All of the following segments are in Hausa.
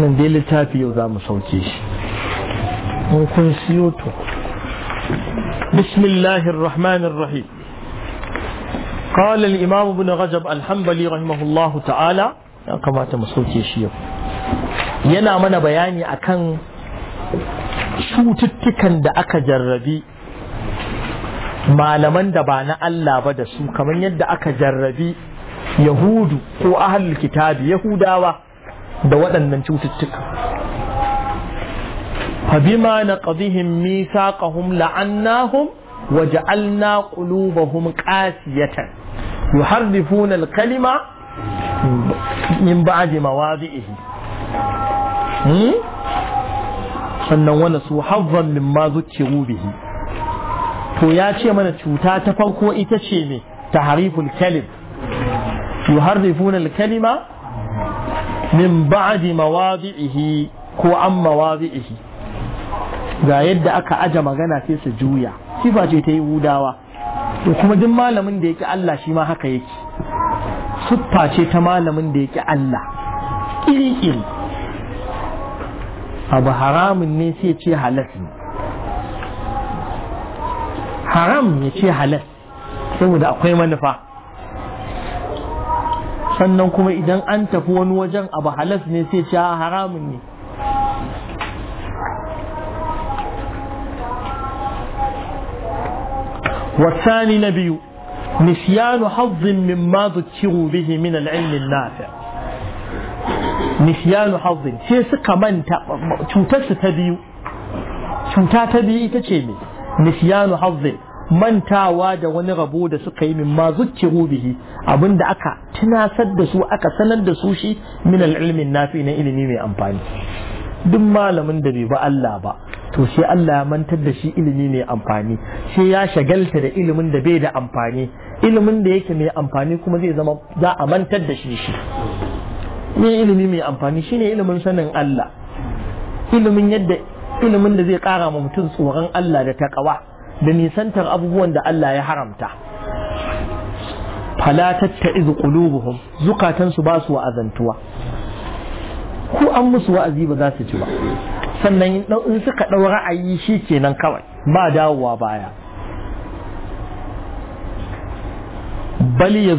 nan dai littafi yau za mu sauke shi mun kun siyo to bismillahir rahmanir rahim قال الإمام ابن رجب الحنبلي رحمه الله تعالى كما تمسوكي شيء yana mana bayani akan cututtukan da aka jarrabi malaman da ba na Allah ba da su kamar yadda aka jarrabi yahudu ko ahlul kitabi yahudawa da waɗannan cututtuka na فبما نقضهم ميثاقهم لعناهم وجعلنا قلوبهم قاسية يحرفون الكلمة من بعد مواضعه sannan wani su hazzan min ma zukiru rubihi to ya ce mana cuta ta farko ita ce ne tahariful kalim yuharrifuna al-kalima min ba'di mawadi'ihi ko an mawadi'ihi ga yadda aka aja magana sai su juya sifa ce ta yi hudawa kuma duk malamin da yake Allah shi ma haka yake suffa ce ta malamin da yake Allah iri-iri abu haramun ne sai ce halas ne haram ya ce halas saboda akwai manufa sannan kuma idan an tafi wani wajen abu halas ne sai ce haramun ne والثاني نبي نسيان حظ مما ذكروا به من العلم النافع نسيان حظ sai suka manta cutarsu ta biyu cuta ta biyu ita ce ne nisyanu hazzin mantawa da wani rabo da suka yi min zukkiru bihi abinda aka tunasar da su aka sanar da su shi min ilmin nafi na ilimi mai amfani duk malamin da bai ba Allah ba to sai Allah ya mantar da shi ilimi mai amfani sai ya shagalta da ilimin da bai da amfani ilimin da yake mai amfani kuma zai zama za a mantar da shi shi ne ilimi mai amfani shine ilimin sanin Allah ilimin yadda ilimin da zai kara ma mutum tsoron Allah da taqwa da nisantar abubuwan da Allah ya haramta fala tatta'iz qulubuhum zukatan su ba su wa'azantuwa ko an musu wa'azi ba za su ci ba sannan in suka ɗau ra'ayi shi kenan kawai ba dawowa baya bal ya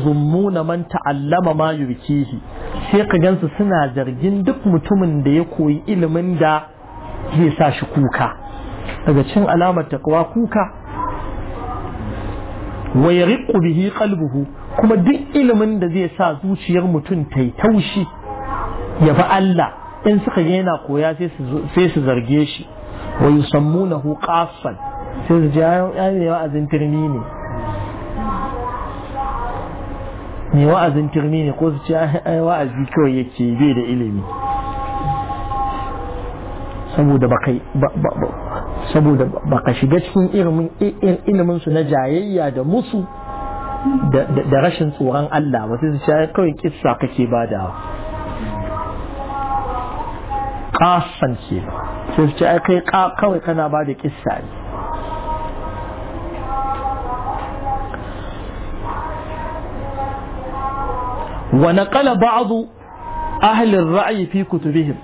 na man ta'allama ma yurkihi sai ka gansu suna zargin duk mutumin da ya koyi ilimin da zai sa shi kuka daga cin alamar takwa kuka wa riƙo bihi ƙalbuhu kuma duk ilimin da zai sa zuciyar mutum ta yi taushi ya bi Allah in suka ga yana koya sai su zarge shi wa yusammunahu qaffan sai su ji ayi ne wa'azin turmi ne ne wa'azin turmi ne ko su ce ai wa'azi kawai yake bai da ilimi saboda saboda baka shiga cikin ilimin su na jayayya da musu da rashin tsoron Allah ba sai su kawai kissa kake badawa kasan ke sai su ce kai kawai kana ba da kissa ne ونقل بعض أهل الرأي fi كتبهم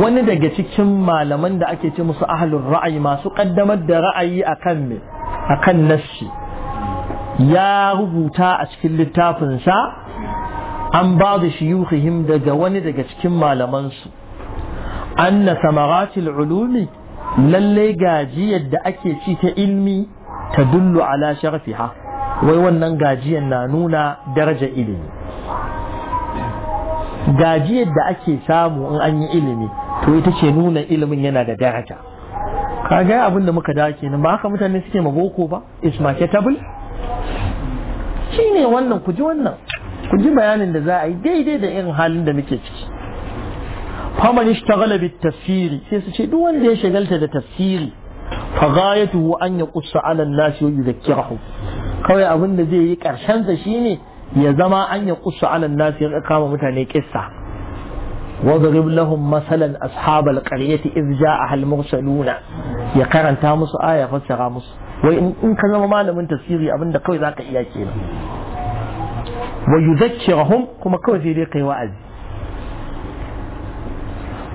wani daga cikin malaman da ake ce musu ahalin ra'ayi masu kaddamar da ra'ayi akan me kan nassi ya rubuta a cikin littafinsa an ba da shiyukhihim daga wani daga cikin malamansu An na samaratil ulumi lallai gajiyar da ake ci ta ilmi ta dullu ala sharfiha wai wannan gajiyar na nuna daraja ilimi gajiyar da ake samu in an yi ilimi to ita ce nuna ilimin yana da daraja ka ga abin da muka dace kenan ba haka mutane suke ma boko ba is marketable ne wannan ku ji wannan ku ji bayanin da za a yi daidai da irin halin da muke ciki faman ishtaghala bit tafsiri sai su ce duk wanda ya shagalta da tafsiri fa ghayatuhu an yaqussa ala an-nas wa yudhakkirahum kawai abin da zai yi karshen sa shine ya zama an yaqussa ala an-nas ya kama mutane kissa واضرب لهم مثلا أصحاب القرية إذ جاءها المرسلون يا كرن تامس آية فسر مس وإن إن كان ما لم تسيري أبن دقوي ذاك إياكينا ويذكرهم كما كوي في ريقي وعز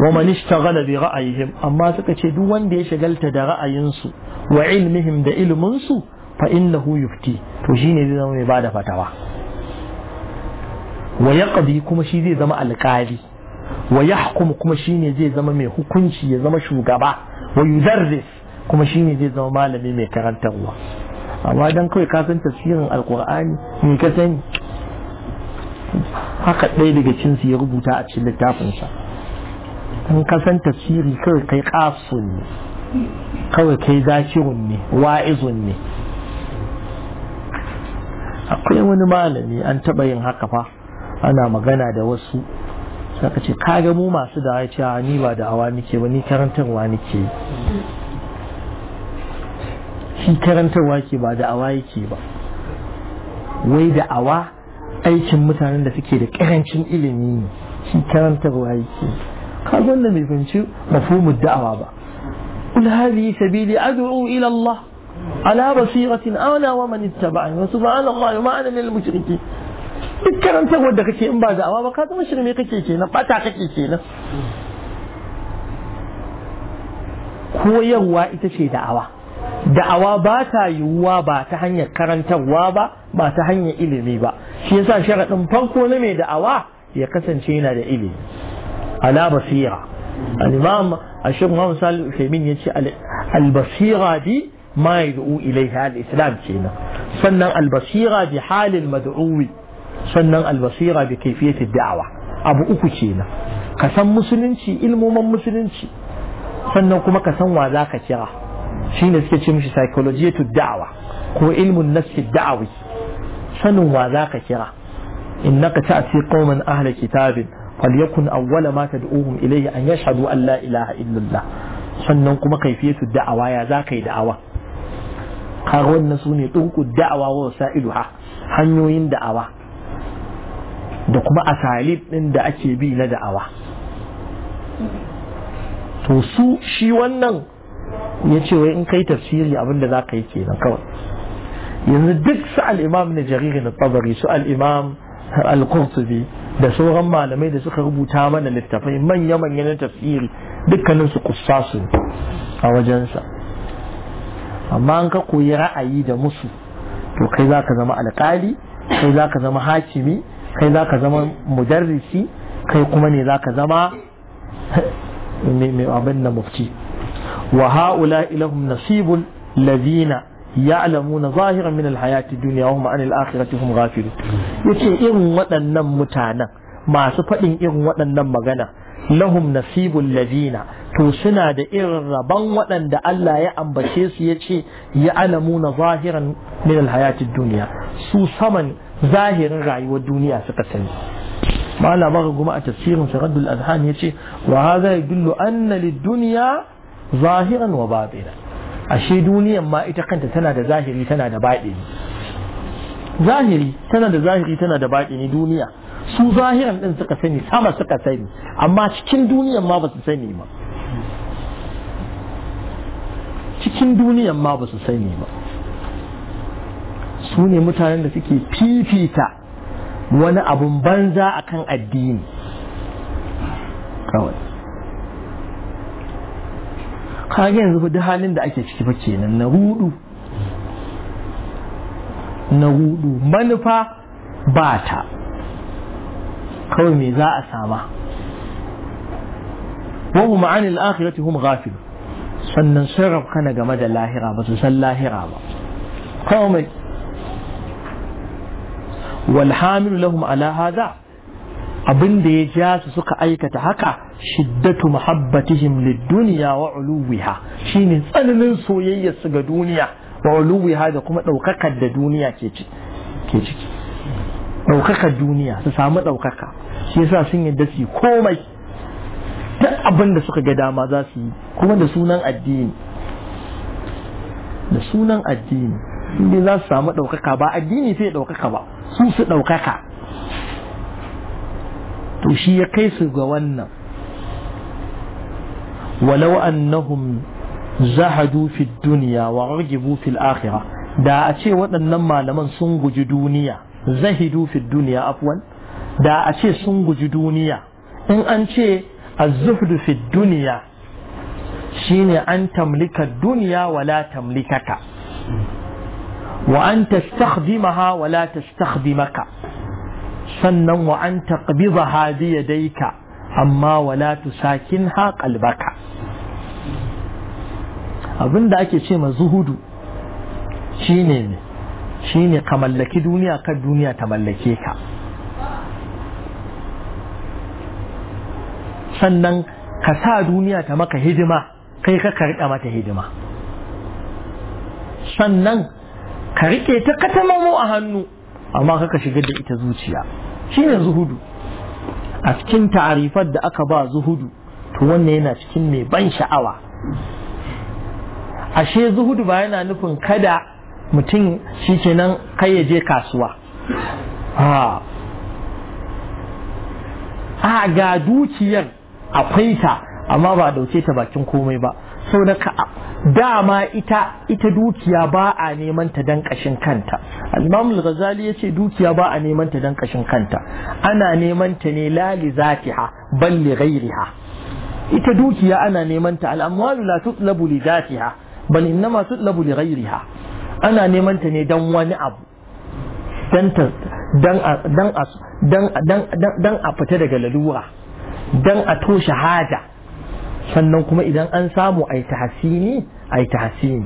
ومن اشتغل برأيهم أما تكتدوا وان دي شغلت دا رأينسو وعلمهم دا إلمنسو فإنه يفتي وشيني ذي ذنوي بعد فتوى ويقضي كما شيء ذي ذما القالي wa yahkum kuma ne zai zama mai hukunci ya zama shugaba wa yudarris kuma shi ne zai zama malami mai karantarwa amma dan kawai kasan san tafsirin alqur'ani me ka sani haka ɗaya daga cinsu ya rubuta a cikin littafinsa in ka san kawai kai ƙasun ne kawai kai zakirun ne wa'izun ne akwai wani malami an taɓa yin haka fa ana magana da wasu saka ce kaga mu masu da ya ce ni ba da awa nike ba ni karantarwa nike shi karantarwa ke ba da awa yake ba wai da awa aikin mutanen da suke da karancin ilimi ne shi karantarwa yake Ka wanda mai fahimci mafhumud da'awa ba قل هذه سبيلي أدعو إلى الله على بصيرة أنا ومن اتبعني وسبحان الله وما أنا من المشركين duk karantarwar da kake in ba da'awa ba ka zama shirme kake kenan bata kake kenan koyarwa ita ce da'awa da'awa ba ta yiwuwa ba ta hanyar karantarwa ba ba ta hanyar ilimi ba shi yasa sharaɗin farko na mai da'awa ya kasance yana da ilimi ala basira al-imam ashir muhammad salih al-uthaymeen yace al-basira bi ma yad'u ilayha al-islam kenan sannan al-basira bi halil mad'uwi sannan albasira da kaifiyati da'awa abu uku kenan ka san musulunci ilmoman musulunci sannan kuma ka san wa zaka kira shine suke ce mishi psychologiyatu da'awa ko ilmun nafsi da'awi sanin wa zaka kira innaka ta'ti qauman ahla kitabin falyakun awwala ma tad'uhum ilayhi an yashhadu an la ilaha illallah sannan kuma kaifiyatu da'awa ya zaka yi da'awa kaga wannan sune dunku da'awa wa sa'iduha hanyoyin da'awa da kuma asalib ɗin da ake bi na da'awa to su shi wannan ya ce wai in kai tafsiri abinda za ka yi kenan kawai yanzu duk su al'imam na jariri na tsabari su al'imam al-qurtubi da sauran malamai da suka rubuta mana littafai manya-manya na tafsiri dukkanin su kussasu a wajensa amma an ka koyi ra'ayi da musu to kai za ka zama alƙali kai za ka zama hakimi kai za ka zama mudarrisi kai kuma ne za ka zama mai abin da mufti wa ha'ula ilahum nasibun ladina ya'lamuna zahiran min alhayati dunya wa hum an al hum ghafilun yace irin waɗannan mutanen masu faɗin irin waɗannan magana lahum nasibul ladina to suna da irin rabon waɗanda Allah ya ambace su ya ce na zahiran min alhayatid duniya su saman zahirin rayuwar duniya suka sani malam baka a tafsirin sharaddul azhan yace wa hadha yadullu anna lid duniya zahiran wa babira. ashe duniyan ma ita kanta tana da zahiri tana da batini zahiri tana da zahiri tana da batini duniya su zahiran din suka sani sama suka sani amma cikin duniyan ma ba su sani ba cikin duniyan ma ba su sani ba su ne mutanen da suke fifita wani abun banza a kan addini kawai kage yanzu duk halin da ake ciki fake kenan na hudu na hudu manufa ba ta kawai me za a sama wahu ma'anin akhirati hum ghafil sannan sarraf kana game da lahira ba su san lahira ba kawai wal hamilu lahum ala hadha abin da ya ja su suka aikata haka shiddatu muhabbatihim lid-dunya wa uluwiha shine tsananin soyayyar su ga duniya wa uluwiha da kuma daukakar da duniya ke ciki ke ciki daukakar duniya su samu daukaka shi yasa sun yadda su komai duk abin da suka ga dama za su yi kuma da sunan addini da sunan addini inda za su samu ɗaukaka ba addini sai ɗaukaka ba su su ɗaukaka to shi ya kai su ga wannan walau annahum zahadu fi duniya wa ragibu fil akhira da a ce waɗannan malaman sun guji duniya zahidu fi duniya afwan da a ce sun guji duniya in an ce az fi duniya shine an tamlika duniya wala tamlikaka وأن تستخدمها ولا تستخدمك سنا وأن تقبضها بيديك أما ولا تساكنها قلبك abin da ake ce ma zuhudu shi ne shi ne ka mallaki duniya kan duniya ta mallake ka sannan ka sa duniya ta maka hidima kai ka karɗa mata hidima sannan ka rike ta katamamo a hannu amma kaka shigar da ita zuciya shine zuhudu a cikin ta'arifar da aka ba zuhudu to wannan yana cikin mai ban sha'awa ashe zuhudu ba yana nufin kada mutum shi kenan kai ya je kasuwa a ga dukiyar akwai ta amma ba dauke ta bakin komai ba sau da ka dama ita ita dukiya ba a neman ta dan kashin kanta al-imam al-ghazali yace dukiya ba a neman ta dan kashin kanta ana neman ta ne lali li zatiha bal li ghayriha ita dukiya ana neman ta al-amwalu la tutlabu li zatiha bal innama tutlabu li ghayriha ana neman ta ne dan wani abu dan dan dan dan dan a fita daga lalura dan a toshe haja sannan kuma idan an samu ai tahsini ai tahsini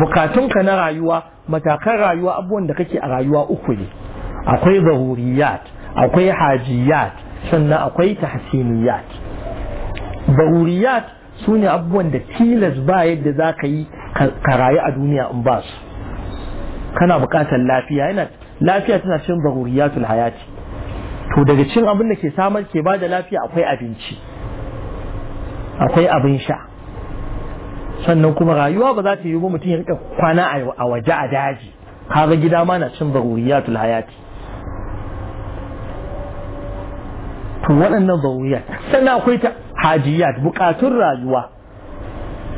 bukatunka na rayuwa matakan rayuwa abubuwan da kake a rayuwa uku ne akwai zaruriyat akwai hajiyat sannan akwai tahsiniyat zaruriyat su ne abubuwan da tilas ba yadda za ka yi ka rayu a duniya in ba su kana bukatar lafiya yana lafiya tana cikin zaruriyatul hayati to daga cin abin da ke samar ke ba da lafiya akwai abinci akwai abin sha sannan kuma rayuwa ba za ta yi mutum ya rika kwana a waje a daji kaga gida ma na cin baruriyatul hayati to waɗannan baruriyat sannan akwai ta hajiyat bukatun rayuwa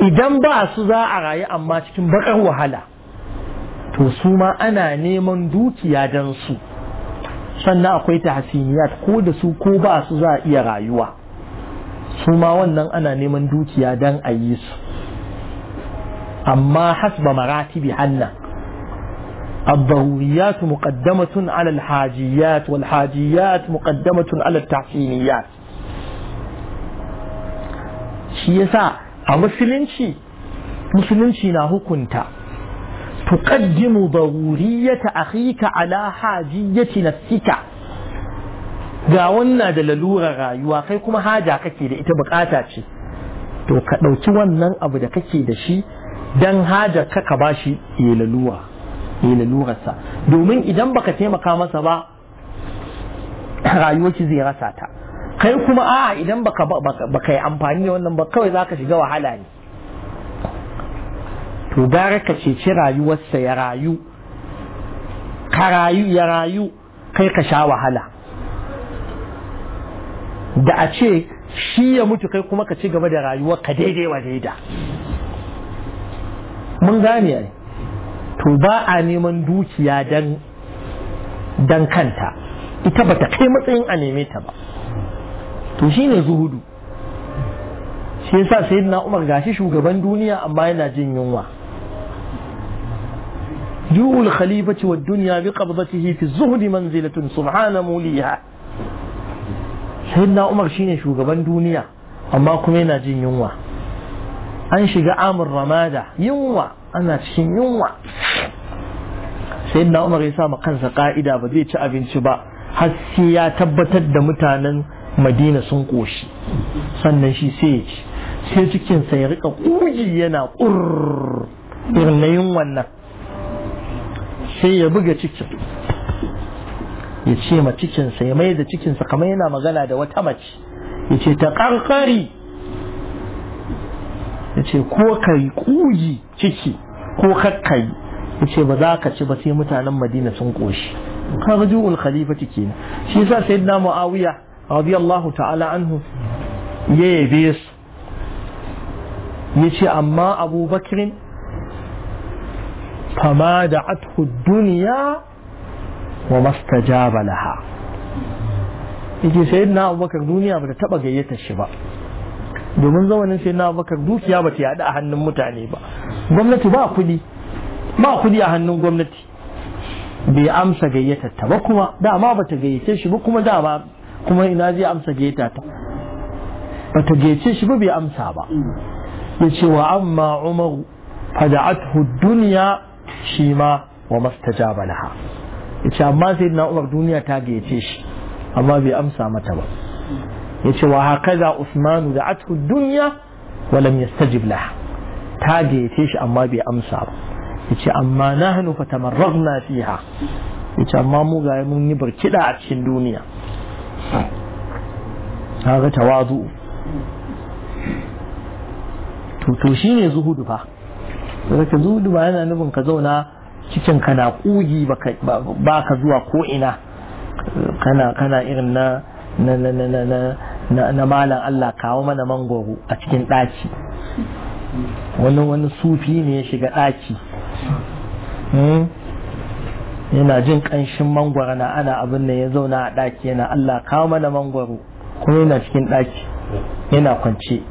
idan ba su za a rayu amma cikin bakar wahala to su ma ana neman dukiya don su sannan akwai ta hasiniyat ko da su ko ba su za a iya rayuwa su ma wannan ana neman dukiya don a yi su amma hasba maratibi hanna الضروريات مقدمة على الحاجيات والحاجيات مقدمة على التحسينيات shi yasa a musulunci na hukunta tuqaddimu daruriyata akhika ala hajiyati nafsika ga wannan da lalura rayuwa kai kuma haja kake da ita bukata ce to ka ɗauki wannan abu da kake da shi don haja ka ka bashi ya lalura ya domin idan baka taimaka masa ba rayuwar ki zai rasa ta kai kuma a idan baka baka yi amfani da wannan ba kawai zaka shiga wahala ne to gara ka ceci rayuwarsa ya rayu ka rayu ya rayu kai ka sha wahala da a ce shi ya mutu kai kuma ka ci gaba da rayuwar ka daidai wa daida mun gane ai to ba a neman dukiya dan dan kanta ita ba ta kai matsayin a neme ta ba to ne zuhudu shi yasa na Umar gashi shugaban duniya amma yana jin yunwa جوء الخليفة والدنيا بقبضته في الزهد منزلة سبحان موليها sayyidina umar shine shugaban duniya amma kuma yana jin yunwa an shiga amur ramada yunwa ana cikin yunwa sayyidina umar ya sa ma kansa ka'ida ba zai ci abinci ba har sai ya tabbatar da mutanen madina sun koshi sannan shi sai ya ci sai cikinsa ya rika ƙugi yana ƙurr irin yunwan nan sai ya buga cikin ya ce ma cikinsa ya mai da cikinsa kamar yana magana da wata mace ya ce ta ƙanƙari. ya ce ko ka yi ƙugi ciki ko kakkai ya ce ba za ka ci ba sai mutanen madina sun ƙoshi kaga ju'ul khalifati kenan shi yasa sayyidina muawiya radiyallahu ta'ala anhu ya yabe su ya ce amma abu fama da athu duniya وما استجاب لها يجي سيدنا أبو بكر دنيا بدا تبقى جيت الشباب دومن زمان سيدنا أبو بكر دوسيا بتي هذا أهل نمتعني با قمنتي با أخدي ما أخدي أهل نم قمنتي بأمس جيت التبقوا دا ما بتجيت الشباب كم دا ما انا إنازي أمس جيت التا بتجيت الشباب بأمس با بشوى أما عمر فدعته الدنيا شيما وما استجاب لها yace amma sai na Umar duniya ta gayyace shi amma bai amsa mata ba yace wa za Usmanu da atku dunya wa lam yastajib ta gayyace shi amma bai amsa ba yace amma nahnu fatamarragna fiha yace amma mu ga mun yi barkida a cikin duniya ga tawazu to shi shine zuhudu fa zuhudu ba yana nufin ka zauna cikin kana kugi ba ka zuwa ko ina kana irin na na na malam Allah kawo mana mangoro a cikin ɗaci wani wani sufi ne ya shiga ɗaci hmm? yana jin ƙanshin mangwaro na ana abin da ya zauna a ɗaki yana Allah kawo mana mangwaro kuma yana cikin ɗaki yana kwance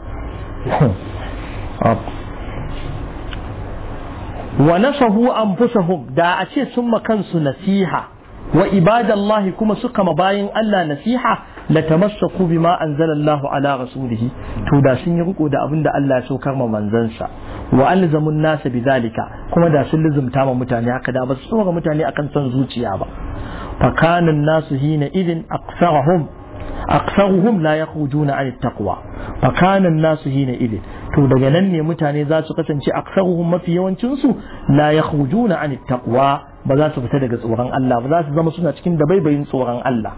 wa nasahu anfusahum da a ce sun ma kansu nasiha wa ibadallahi kuma suka ma bayin Allah nasiha la tamassaku bima anzalallahu ala rasulihi to da sun yi riko da abin da Allah ya saukar ma manzansa wa alzamun nasa zalika. kuma da sun lizumta ma mutane haka da ba su tsora mutane akan son zuciya ba فكان الناس حينئذ أكثرهم أكثرهم لا يخرجون عن التقوى فكان الناس حينئذ to daga nan ne mutane za su kasance aksaruhum mafi yawancinsu la yakhrujuna an taqwa ba za su fita daga tsoron Allah ba za su zama suna cikin dabaibayin tsoron Allah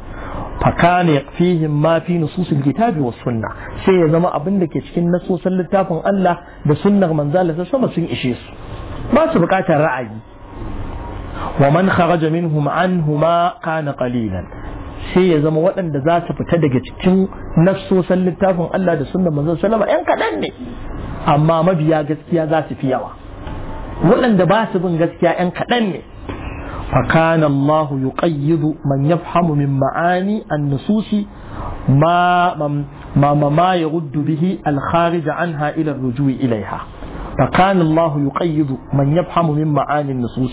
fakane fihim ma fi nususil kitabi was sunna sai ya zama abin da ke cikin nasosan littafin Allah da sunnar manzala ta sama sun ishe su ba su bukatar ra'ayi wa man kharaja minhum anhuma kana qalilan sai ya zama waɗanda za su fita daga cikin nafsosan littafin Allah da sunnan manzon sallama ɗan kaɗan ne amma mabiya gaskiya za su fi yawa waɗanda ba su bin gaskiya ɗan kaɗan ne فكان الله man من يفهم من معاني النصوص ما ما ما, ما يرد به الخارج Anha, الى الرجوع ilaiha. فكان الله يقيد من يفهم من معاني النصوص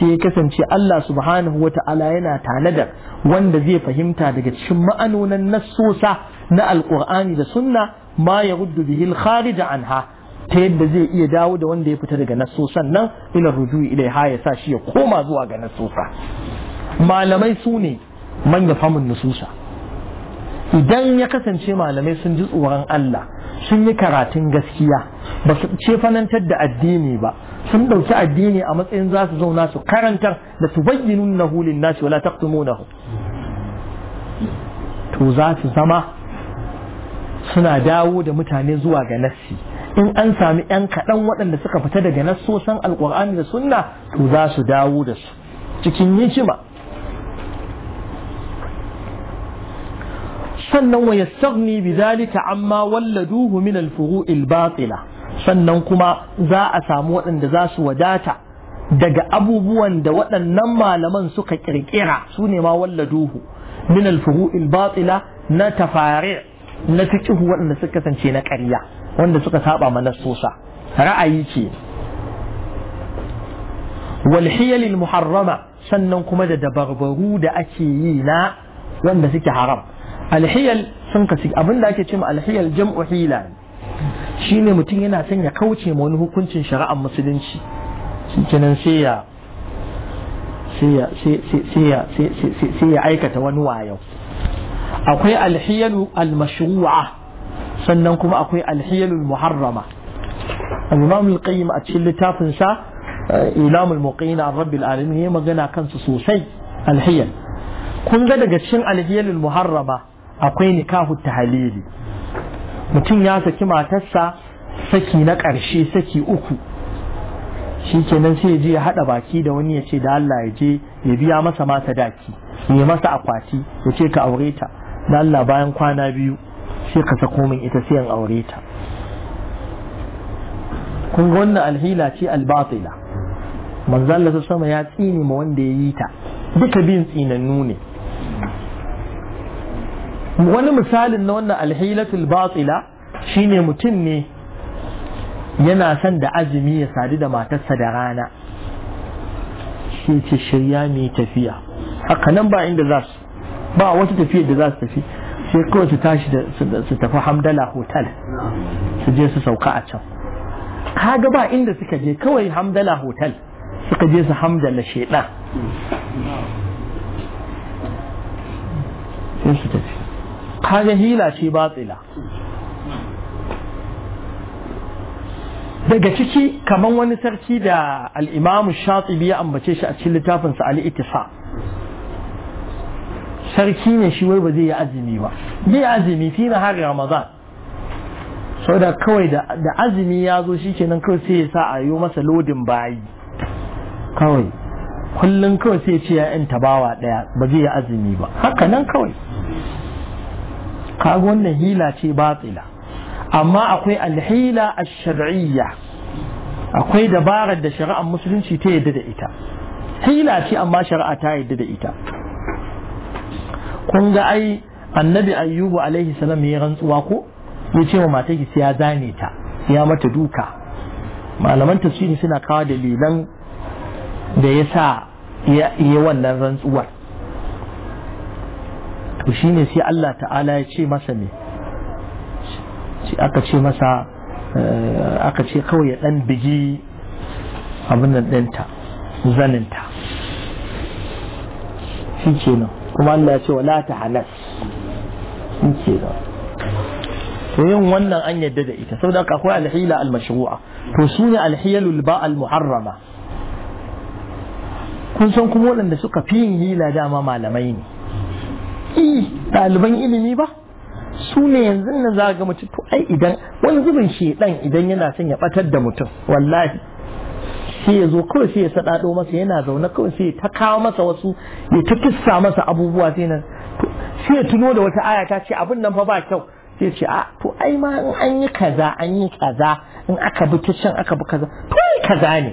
ya kasance Allah subhanahu wa ta'ala yana tanadar wanda zai fahimta daga cikin ma'anonan nassosa na Alƙur'ani da sunna ma ya ruddu bihi al anha ta yadda zai iya dawo da wanda ya fita daga nassosan nan ila rujui ha ya sa shi ya koma zuwa ga nassosa malamai sune ne famun nususa idan ya kasance malamai sun ji tsoron Allah sun yi karatun gaskiya ba su cefanantar da addini ba sun ɗauki addini a matsayin za su zauna su karantar da su bayyinun na hulin nasi wala taktumunahu to za su zama suna dawo da mutane zuwa ga nassi in an sami ‘yan kaɗan waɗanda suka fita daga san alƙur'ani da sunna to za su dawo da su cikin hikima sannan wa yastaghni bidhalika amma walladuhu min al-furu'il batila sannan kuma za a samu waɗanda za su wadata daga abubuwan da waɗannan malaman suka ƙirƙira su ne ma walladuhu min alfuru'il batila na tafari na fiqh waɗanda suka kasance na ƙarya wanda suka saba ma nassosa ra'ayi ce walhiyalil muharrama sannan kuma da dabarbaru da ake yi na wanda suke haram alhiyal sun kasu abinda ake cewa alhiyal jam'u hila shine mutum yana son ya kauce ma wani hukuncin shari'ar musulunci kenan sai ya ya aikata wani wayo akwai alhiyalu almashru'a sannan kuma akwai alhiyalu muharrama al-imam al-qayyim a cikin littafin sa eh, ilamul muqina an rabbil alamin ya magana kansu sosai alhiyal kun ga daga cikin alhiyalul muharrama akwai nikahu tahalili mutum ya saki matarsa saki na ƙarshe saki uku shi kenan sai je ya haɗa baki da wani ya ce da Allah ya je ya biya masa mata daki ya masa akwati ya ce ka aure ta da Allah bayan kwana biyu sai ka sako min ita sai in aure ta kun ga wannan alhila ce albatila manzo Allah sama ya tsine ma wanda ya yi ta duka bin tsinannu ne wani misalin na wannan alhilatul batila shine mutum ne yana son da azumi ya sadu da matarsa da rana shi ce shirya mai tafiya haka nan ba inda za su ba wata tafiyar da za su tafi sai kawai su tashi su tafi hamdala hotel su je su sauka a can kaga ba inda suka je kawai hamdala hotel suka je su hamdala shaidan kaga hila ce batsila daga ciki kamar wani sarki da al'imamu shatibi ya ambace shi a cikin littafinsa Itisa sarki ne shi wai ba zai yi azumi ba zai azumi fi na har ramadan sau da kawai da azumi ya zo shi kenan kawai sai ya sa a yi masa lodin bayi kawai kullum kawai sai ce ya yan tabawa daya ba zai yi azumi ba haka nan kawai kaga wannan hila ce batila amma akwai alhila ash-shar'iyya akwai dabarar da shari'ar musulunci ta yadda da ita hila ce amma shari'a ta yadda da ita kun ga ai annabi ayyubu alaihi salam ya rantsuwa ko ya ce wa matar sai ya zane ta ya mata duka malaman tafsiri suna kawo dalilan da ya sa ya wannan rantsuwar to ne sai Allah ta'ala ya ce masa ne aka ce masa eh, aka ce kawai ya ɗan bigi abin nan ɗinta zaninta shi ke nan kuma Allah ya ce wala ta halas shi ke nan to yin wannan an yadda da ita saboda akwai alhila almashru'a to su ne alhiyalul ba almuharrama kun san kuma waɗanda suka fi yin hila dama malamai ne E, ɗaliban ilimi ba su ne yanzu na za ga to ai idan wani zubin shedan idan yana son ya batar da mutum wallahi sai ya zo kawai sai ya saɗaɗo masa yana zaune kawai sai ta kawo masa wasu ya ta kissa masa abubuwa sai nan sai ya tuno da wata aya ta ce abin nan fa ba kyau sai ce a to ai ma in an yi kaza an yi kaza in aka bi ta shan aka bi kaza to ai kaza ne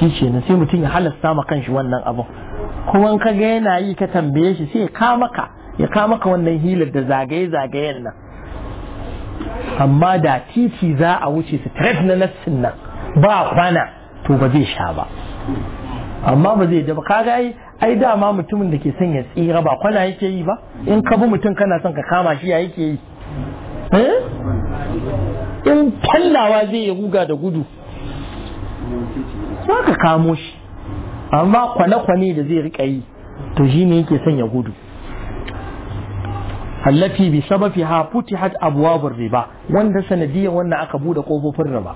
shi ce sai mutum ya halasta ma kanshi wannan abun kuma ka ga yana yi ka tambaye shi sai ya kama ya kama ka wannan hilar da zagaye-zagayen nan amma da titi za a wuce su tare na nassin nan ba kwana to ba zai sha ba amma ba zai ba kaga ai ai dama mutumin da ke son ya tsira ba kwana yake yi ba in ka bi mutum kana son ka kama shi ya yake yi eh? in tallawa zai ya guga da gudu za ka kamo shi amma kwane-kwane da zai riƙa yi to shi ne yake sanya ya gudu allati bi sababi ha futihat abwabur riba wanda sanadiyar wannan aka bude kofofin riba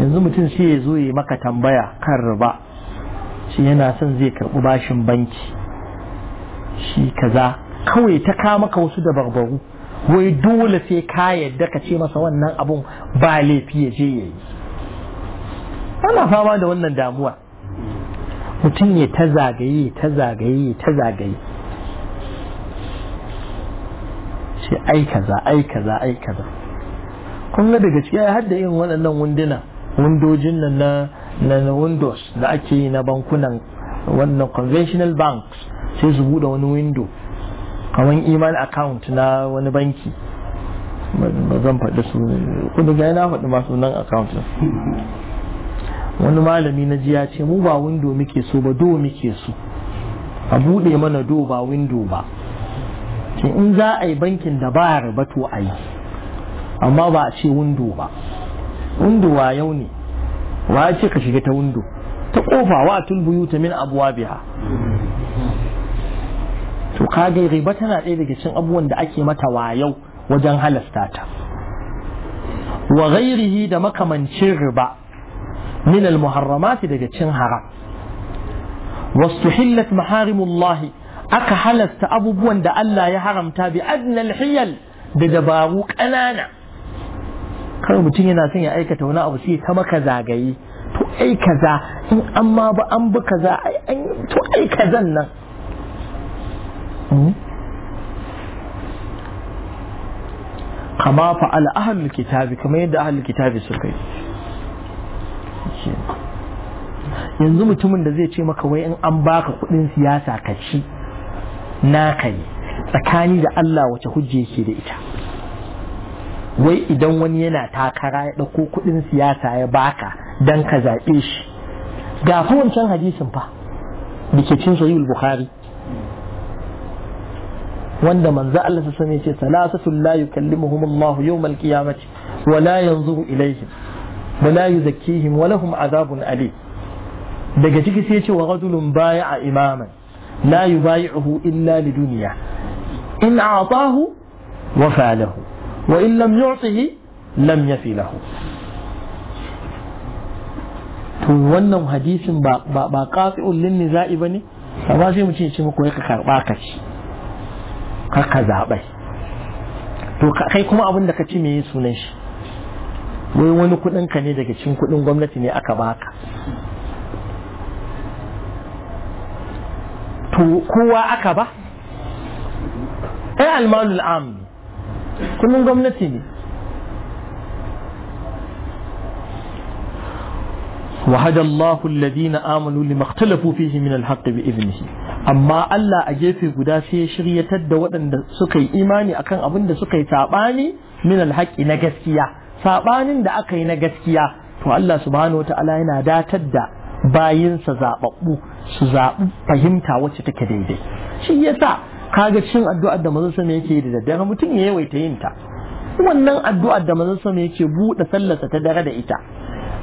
yanzu mutum sai ya zo ya maka tambaya kan riba shi yana son zai karɓi bashin banki shi kaza kawai ta ka maka wasu dabarbaru wai dole sai ka yadda ka ce masa wannan abun ba laifi ya je ya yi ana fama da wannan damuwa mutum ya ta zagaye ta zagaye ta zagaye shi ai kaza ai Kuma daga ciki ya hada yin waɗannan wunduna wundojin nan na na windows da ake yi na bankunan wannan conventional banks sai su buɗe wani window kamar email account na wani banki ba zan faɗi su kudu ga na faɗi masu nan account wani malami na jiya ya ce mu ba windo muke so ba do muke so a buɗe mana do ba windo ba ce in za a yi bankin da ba riba to a yi amma ba a ce windo ba windo wa yau ne wa ce ka shiga ta windo ta kofa wa buyu ta min abuwa biya to yi riba tana ɗaya daga cikin abubuwan da ake mata wayau wajen halasta ta wa gairihi da makamancin riba من المحرمات دا جتشن حرام واستحلت محارم الله أكا حلست أبو بوان دا ألا يحرم تابي أدنى الحيل دا دباروك أنانا كانوا بتيني ناسين يا أي كتونا أو سي تما كذا جاي تو أي كذا إن أما ب أم بكذا أي أي تو أي كذا نا كما فعل أهل الكتاب كما يد أهل الكتاب سكين ce yanzu mutumin da zai ce maka wai in an baka kudin siyasa ka ci naka ne tsakani da Allah wace hujje yake da ita wai idan wani yana takara ya ɗauko kudin siyasa ya baka dan ka zaɓe shi ga kowancan hadisin fa da ke cin bukhari wanda manzo Allah sa sani ce salasatul la yukallimuhum Allah yawmal qiyamati wa la yanzuru ilayhim ولا يزكيهم ولهم عذاب أليم daga ciki sai ce wa rajulun bai'a imaman la yubai'uhu illa lidunya in a'tahu wa falahu wa in lam yu'tihi lam yafi lahu to wannan hadisin ba ba ba qati'un lin niza'i bane amma sai mu ce ce muku ka karba ka ci ka ka zabai to kai kuma abin da ka ci me sunan shi Wai wani kuɗinka ne daga cin kuɗin gwamnati ne aka ba ka? To ko wa aka ba? E, Almanu Al'amur, kuɗin gwamnati ne. Wahadamahu ladina Amunuli maktala fufihin min alhaqa bi ibnishi. Amma Allah a gefe guda sai ya shirya tadda waɗanda suka yi imani akan kan da suka yi saɓani min alhaƙi na gaskiya. sabanin da aka yi na gaskiya to Allah subhanahu wataala yana datar da bayin sa zababbu su zabu fahimta wacce take daidai shi yasa kaga cin addu'ar da manzon sama yake da daddare mutum ya yawaita yin ta wannan addu'ar da manzon sama yake buɗe sallarsa ta dare da ita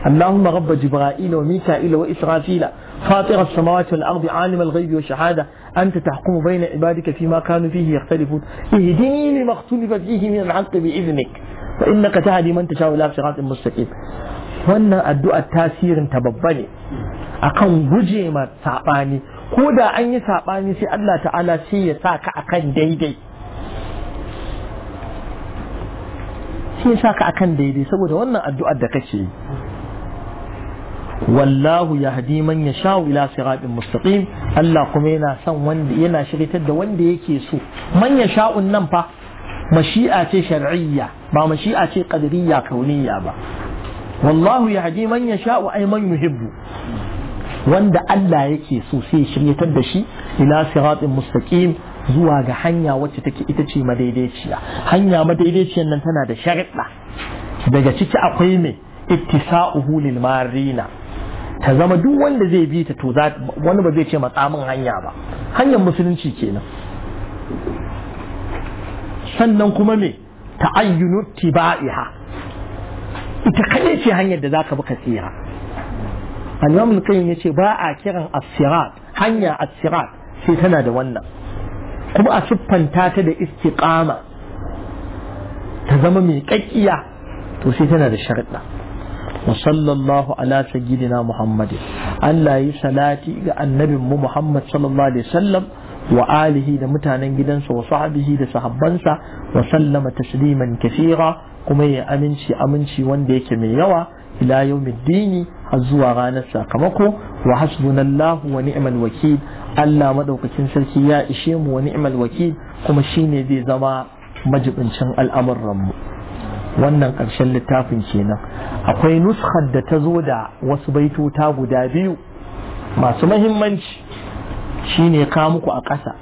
اللهم رب جبرائيل وميكائيل وإسرافيل فاطر السماوات والأرض عالم الغيب والشهادة أنت تحكم بين عبادك فيما كانوا فيه يختلفون اهدني لما اختلف فيه من الحق بإذنك fa innaka tahdi man tasha ila siratin mustaqim wannan addu'a tasirin ta babba ne akan guje ma sabani ko da an yi sabani sai Allah ta'ala sai ya sa ka akan daidai sai ya akan daidai saboda wannan addu'ar da kake yi wallahu yahdi man yasha ila siratin mustaqim Allah kuma yana son wanda yana shiritar da wanda yake so man yasha'un nan fa mashi'a ce shar'iyya ba mashi'a ce qadariyya kauniyya ba wallahu haji man sha'u, ay man yuhibbu wanda Allah yake so sai shiryatar da shi ila siratin mustaqim zuwa ga hanya wacce take ita ce madaidaiciya hanya madaidaiciyar nan tana da sharɗa daga ciki akwai mai ittisa'uhu lil marina ta zama duk wanda zai bi ta to wani ba zai ce matsamin hanya ba hanyar musulunci kenan sannan kuma me ta ayyunu tiba'iha ita kaɗai ce hanyar da zaka bi ka tsira annabi imam ya ce ba a kiran as hanya as-sirat sai tana da wannan kuma a siffanta ta da istiqama ta zama mai kakkiya to sai tana da sharuɗa وصلى الله على سيدنا محمد ألا يسلاتي النبي محمد muhammad sallallahu alaihi wasallam wa alihi da mutanen gidansa wa sahbihi da sahabbansa wa sallama tasliman kaseera kuma ya aminci aminci wanda yake mai yawa ila yawmiddini har zuwa ranar sakamako wa hasbunallahu wa ni'mal wakil Allah madaukakin sarki ya ishe mu wa ni'mal wakil kuma shine zai zama majibincin al'amuran mu wannan ƙarshen littafin kenan akwai nuskar da ta zo da wasu baitota guda biyu masu mahimmanci shine ya kawo muku a ƙasa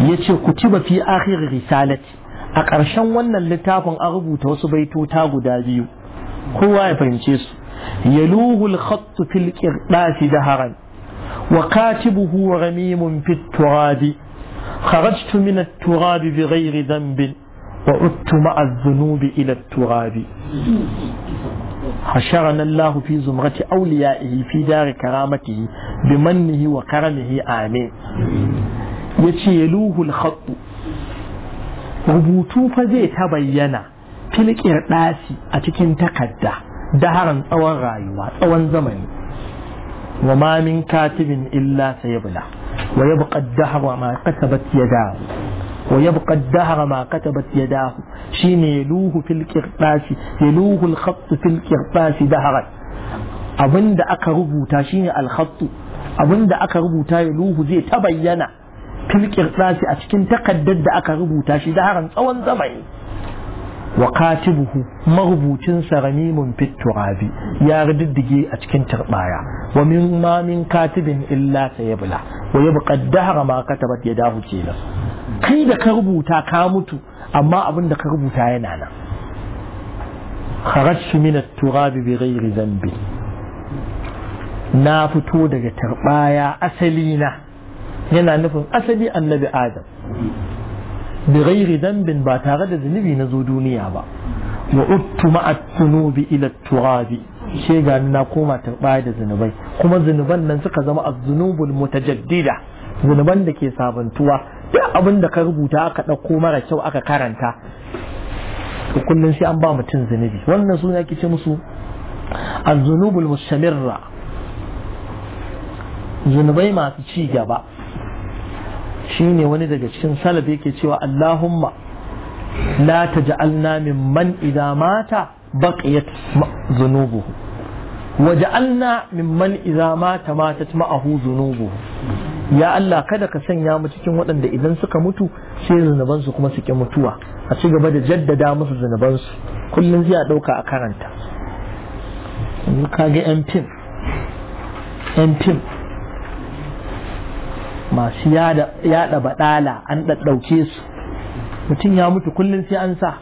ya yace kutiba fi akhir risalati a ƙarshen wannan littafin an rubuta wasu baitota guda biyu kowa ya fahimce su yaluhu al-khattu fil qirdasi daharan wa katibuhu ramimun fit turabi خرجت من التراب بغير ذنب وعدت مع الذنوب إلى التراب حشرنا الله في زمرة أوليائه في دار كرامته بمنه وكرمه آمين يتشيلوه الخط ربوتو فزي تبينا في الإرناس أتكين تقدى دهرا أو غايوة أو زمن وما من كاتب إلا سيبلى ويبقى الدهر وما كسبت يداه ويبقى الدهر ما كتبت يداه شين يلوه في القرطاس يلوه الخط في القرطاس دهرا abinda aka rubuta shine alkhattu abinda aka rubuta ya luhu zai ta bayyana fil qirdasi a cikin takaddar da aka rubuta shi da haran tsawon zamani wa katibuhu marubucin saramimun fit turabi ya riddige a cikin turbaya wa min ma min katibin illa sayabla wa yabqa dahra ma katabat yadahu kenan kai da ka rubuta ka mutu amma abin da ka rubuta yana nan kharajtu min at turabi bi ghairi dhanbi na fito daga tarbaya asali na yana nufin asali annabi adam bi ghairi dhanbi ba tare da zunubi na zo duniya ba wa uttu ma at-tunubi ila at-turabi she ga na koma tarbaya da zunubai kuma zunuban nan suka zama az-zunubul mutajaddida zunuban da ke sabantuwa duk abin da ka rubuta aka ɗauko mara kyau aka karanta to kullum sai an ba mutum zunubi wannan suna ake ce musu az-zunubul mustamirra zunubai masu ci gaba shine wani daga cikin salaf yake cewa Allahumma la taj'alna mimman idza mata baqiyat zunubuhu waja'alna mimman idza mata matat ma'ahu zunubu ya Allah kada ka sanya mu cikin waɗanda idan suka mutu sai zunuban su kuma suke mutuwa a ci gaba da jaddada musu zunuban su kullun zai dauka a karanta yanzu ka ga yan fim masu yada baɗala an daddauke su mutum ya mutu kullun sai an sa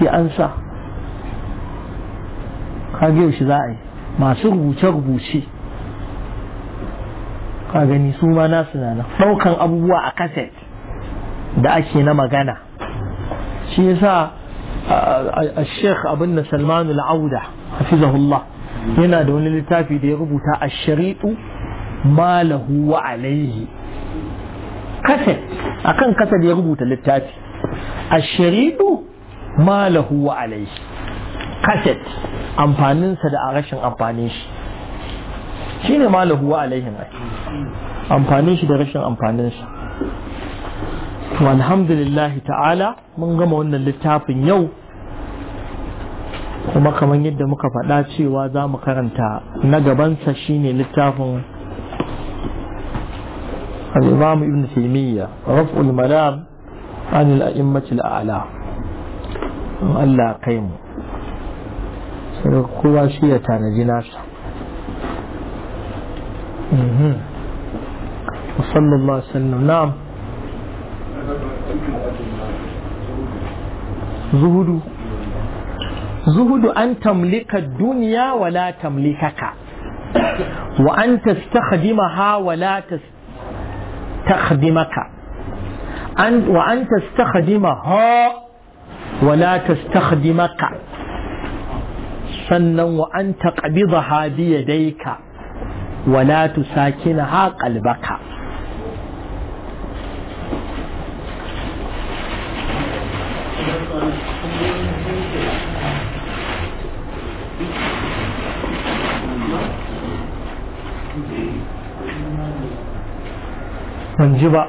sai an sa kaga yaushe za a yi masu rubuce-rubuce ka gani su ma na nan ɗaukan abubuwa a kaset da ake na magana shi yasa a sheikh abin da salmanu la'auda hafizahullah yana da wani littafi da ya rubuta a shari'u malahu wa alaihi kaset akan kasar ya rubuta littafi a shari'u malahu wa alaihi kaset amfaninsa da a rashin amfanin shi shi ne malahu wa amfanin shi da rashin amfanin shi alhamdulillah ta'ala mun gama wannan littafin yau kuma kamar yadda muka faɗa cewa za mu karanta na gabansa shine littafin al-imam ibn taymiyya raf'ul malam an al-a'immatil a'la Allah kai mu sai kowa shi ya tanaji nasa وصلى الله وسلم نعم زهد زهد أن تملك الدنيا ولا تملكك وأن تستخدمها ولا تستخدمك وأن تستخدمها ولا تستخدمك sannan wa an taqbidaha bi yadayka wa la tusakinaha qalbaka ban ji ba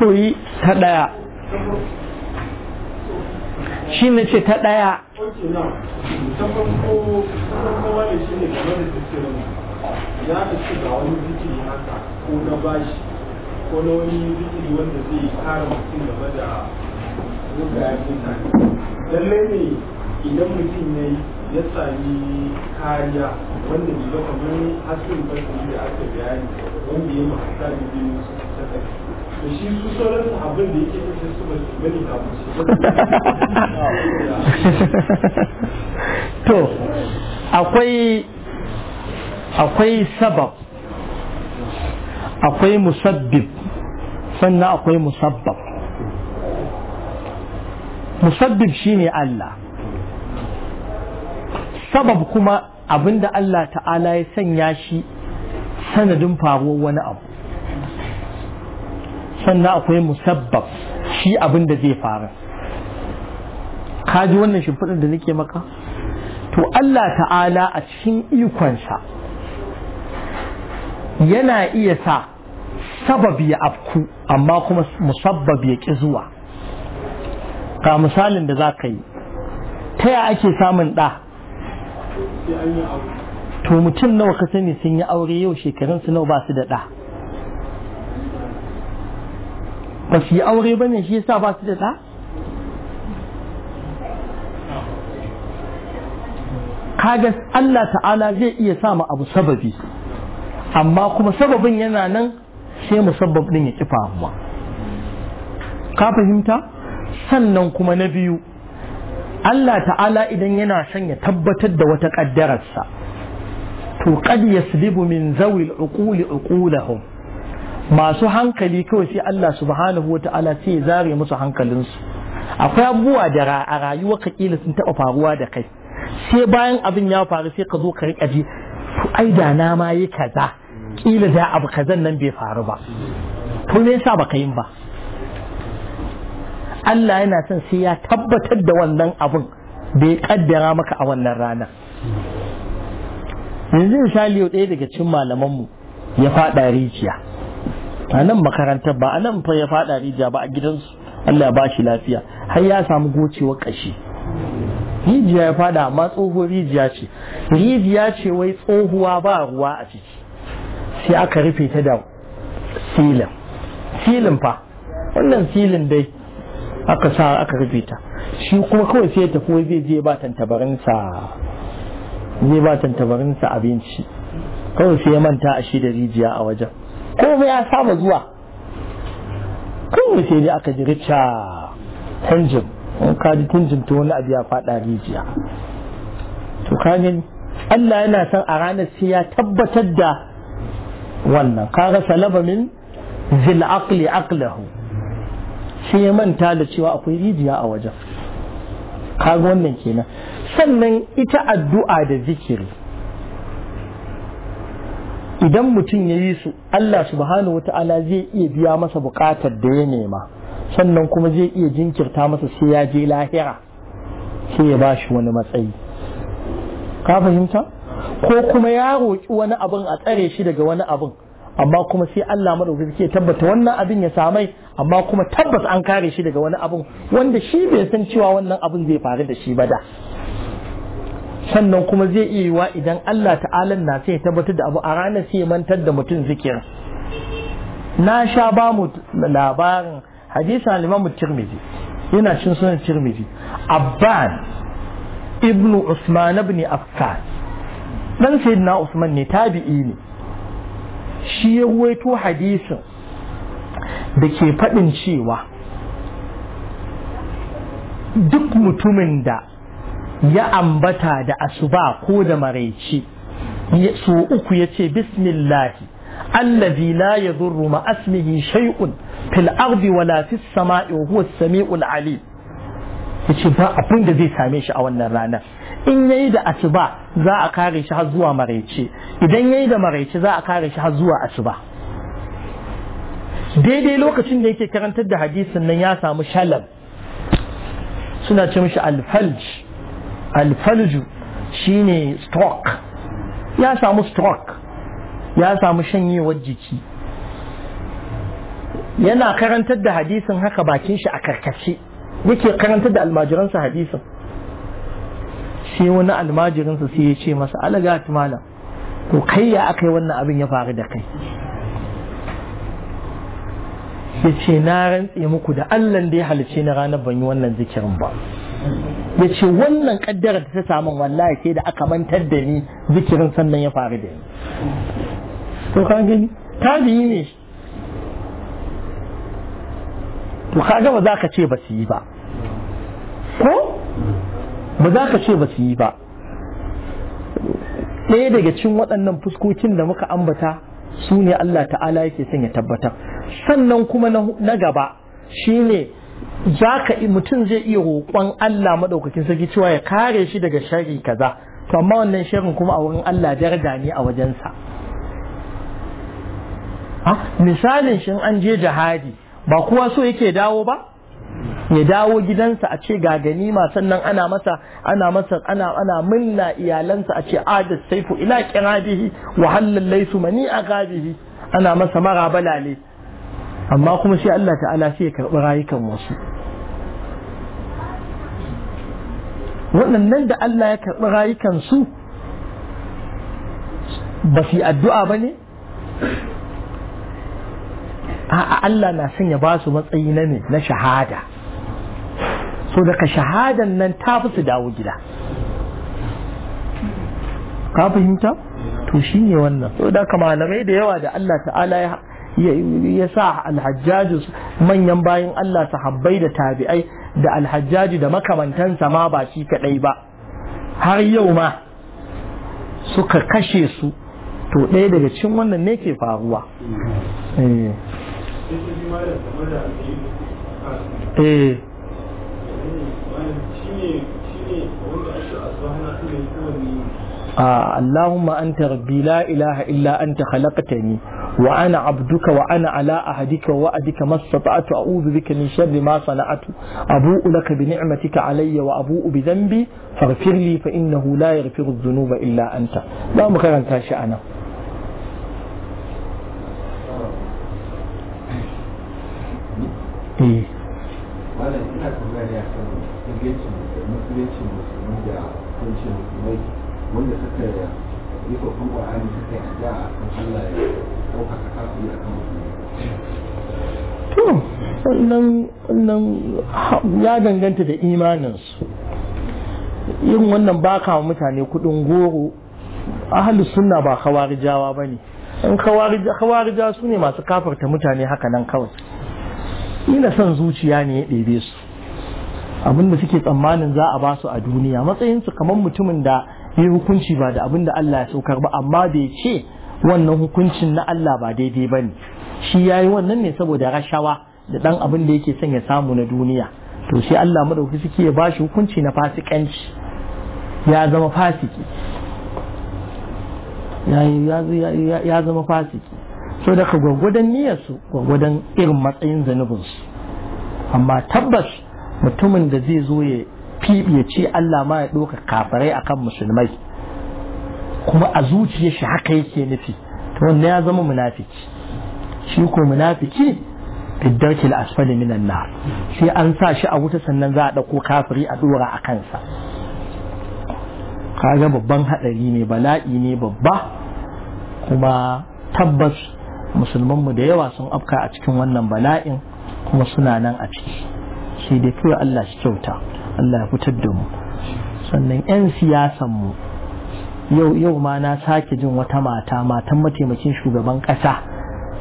to yi ta ɗaya shi ne ce ta ɗaya ok na ta kowa da shi ne game da zikirin ya ta ce ga wani zikiri haka ko na bashi ko na wani zikiri wanda zai kare mutum gaba da mugayen mutane lallai ne idan mutum ya ya sami kariya wanda bai ga kamar hasken da aka bayani wanda ya mahasa da biyu su saka to akwai akwai sabab akwai musabbib sannan akwai musabbab musabbib shine Allah sabab kuma abinda Allah ta'ala ya sanya shi sanadin faruwar wani abu sannan akwai musabbab shi abin da zai faru kaji wannan shimfiɗin da nake maka to Allah ta'ala a cikin ikonsa yana iya sa sabab ya afku amma kuma musabbab ya ƙi zuwa ga misalin da za ka yi ta ya ake samun ɗa to mutum nawa ka sani sun yi aure yau shekarunsu nawa ba su da ɗa ba su yi aure ba ne shi yasa ba su da ɗa kaga Allah ta'ala zai iya sa abu sababi amma kuma sababin yana nan sai musabbab din ya kifa faruwa ka fahimta sannan kuma na biyu Allah ta'ala idan yana son ya tabbatar da wata ƙaddararsa to qad yaslibu min zawil uquli uqulahum masu hankali kawai sai Allah subhanahu wata'ala sai ya zare musu hankalinsu akwai abubuwa da a rayuwa ka kila sun taba faruwa da kai sai bayan abin ya faru sai ka zo ka rika ji ai da na ma yi kaza kila da abu kazan nan bai faru ba to me yasa baka yin ba Allah yana son sai ya tabbatar da wannan abin da ya kaddara maka a wannan rana yanzu misali ɗaya daga cikin malamanmu ya faɗa rijiya a nan makarantar ba a nan fa ya fada rijiya ba a gidansu Allah ya bashi lafiya har ya samu gocewar kashi rijiya ya fada amma tsohuwar rijiya ce rijiya ce wai tsohuwa ba ruwa a ciki sai aka rufe ta da silin silin fa wannan silin dai aka sa aka rufe ta shi kuma kawai sai ya tafi zai je ba tantabarinsa zai ba tantabarinsa abinci kawai sai ya manta a shi da rijiya a wajen komai ya saba zuwa kawai sai dai aka ji rica tanjin in ka ji tanjin to wani abu ya faɗa rijiya to ka gani Allah yana son a ranar sai ya tabbatar da wannan Ka salaba min zil aqli aqlahu sai ya manta da cewa akwai rijiya a wajen kaga wannan kenan sannan ita addu'a da zikiri idan mutum ya yi su Allah subhanahu wa ta'ala zai iya biya masa bukatar da ya nema sannan kuma zai iya jinkirta masa sai ya je lahira sai ya ba shi wani matsayi ka fahimta ko kuma ya roƙi wani abin a tsare shi daga wani abin amma kuma sai Allah madaukaki ya tabbata wannan abin ya samai amma kuma tabbas an kare shi daga wani abin wanda shi bai san cewa wannan abin zai faru da shi ba da sannan kuma zai iya yiwa idan Allah ta'ala na sai ya tabbatar da abu a ranar sai ya mantar da mutum zikir na sha ba mu labarin hadisa al-Imam Tirmidhi yana cin sunan Tirmidhi Abban ibn Usman ibn Affan dan sayyidina Usman ne tabi'i ne shi ya ruwaito hadisin da ke faɗin cewa duk mutumin da ya ambata da asuba ko da maraice so uku ya ce bismillahi allazi la yadurru ma asmihi shay'un fil ardi wala fis sama'i wa huwa as-sami'ul alim yace ba abin da zai same shi a wannan rana in yayi da asuba za a kare shi har zuwa maraice idan yayi da maraice za a kare shi har zuwa asuba daidai lokacin da yake karantar da hadisin nan ya samu shalab suna ce mishi al-falj alfalju shine stroke ya samu stroke ya samu shanyewar jiki yana karantar da hadisin haka bakin shi a karkace yake karantar da almajiransa hadisin sai wani almajirinsa sai ya ce masa alaga tumala to kai ya aka yi wannan abin ya faru da kai ya ce na rantse muku da Allah da ya halice na ranar ban yi wannan zikirin ba ya ce wannan kaddara ta samun wallahi sai da aka mantar da ni zikirin sannan ya faru da ni to ka gani yi ne to kaga ba za ka ce ba su yi ba ko ba za ka ce ba su yi ba ɗaya daga cikin waɗannan fuskokin da muka ambata su ne Allah ta'ala yake son ya tabbatar sannan kuma na gaba shi ne. zaka mutum zai iya roƙon Allah madaukakin sarki cewa ya kare shi daga shari kaza to amma wannan kuma a wurin Allah daraja ne a wajensa misalin shi an je jihadi ba kowa so yake dawo ba ya dawo gidansa a ce ga ganima sannan ana masa ana masa ana ana minna iyalansa a ce adat saifu ila kirabihi wa halal laysu mani a gabihi ana masa mara balale amma kuma sai Allah ta'ala sai ya karɓi rayukan wasu waɗannan da Allah ya karɓi rayukan su ba su yi addu'a ba ne a'a Allah na son ya ba su matsayi na ne na shahada so daga shahadan nan ta fi su dawo gida ka fahimta to shine wannan so da malamai da yawa da Allah ta'ala ya sa alhajjaji manyan bayan Allah su sahabbai da tabi'ai da alhajjaji da makamantansa ma ba shi kaɗai ba har yau ma suka kashe su to ɗaya daga cikin wannan ne ke faruwa eh, eh. آه، اللهم أنت ربي لا إله إلا أنت خلقتني وأنا عبدك وأنا على أهدك ووعدك ما استطعت أعوذ بك من شر ما صنعت أبوء لك بنعمتك علي وأبوء بذنبي فاغفر لي فإنه لا يغفر الذنوب إلا أنت لا انت تاشي أنا إيه ya danganta da imaninsu irin wannan ba wa mutane kudin goro ahalus sunna ba khawarijawa ba ne in khawarija su ne masu kafarta mutane haka nan kawai ina son zuciya ne ya ɗebe su abinda suke tsammanin za a ba su a duniya matsayinsu kamar mutumin da yi hukunci ba da abin da Allah ya saukar ba amma bai ce wannan hukuncin na Allah ba daidai ba ne shi ya yi wannan ne saboda rashawa da ɗan abin da yake son ya samu na duniya to sai Allah madauki suke ya bashi hukunci na fasikanci ya zama fasiki ya zama fasiki so daga gwagwadon niyarsu gwagwadon irin matsayin zanubinsu amma tabbas mutumin da zai zo ya ya ce Allah ma ya ɗoka kafirai akan musulmai kuma a zuciyar shi haka yake nufi to wanda ya zama munafiki shi ko munafiki biddarki al-asfali minan na sai an sa shi a wuta sannan za a ɗauko kafiri a ɗora a kansa kaga babban haɗari ne bala'i ne babba kuma tabbas musulmanmu da yawa sun afka a cikin wannan bala'in kuma suna nan a ciki Ke da kawai Allah shi kyauta Allah ya fitar da mu sannan 'yan siyasan mu yau yau ma na sake jin wata mata matan mataimakin shugaban ƙasa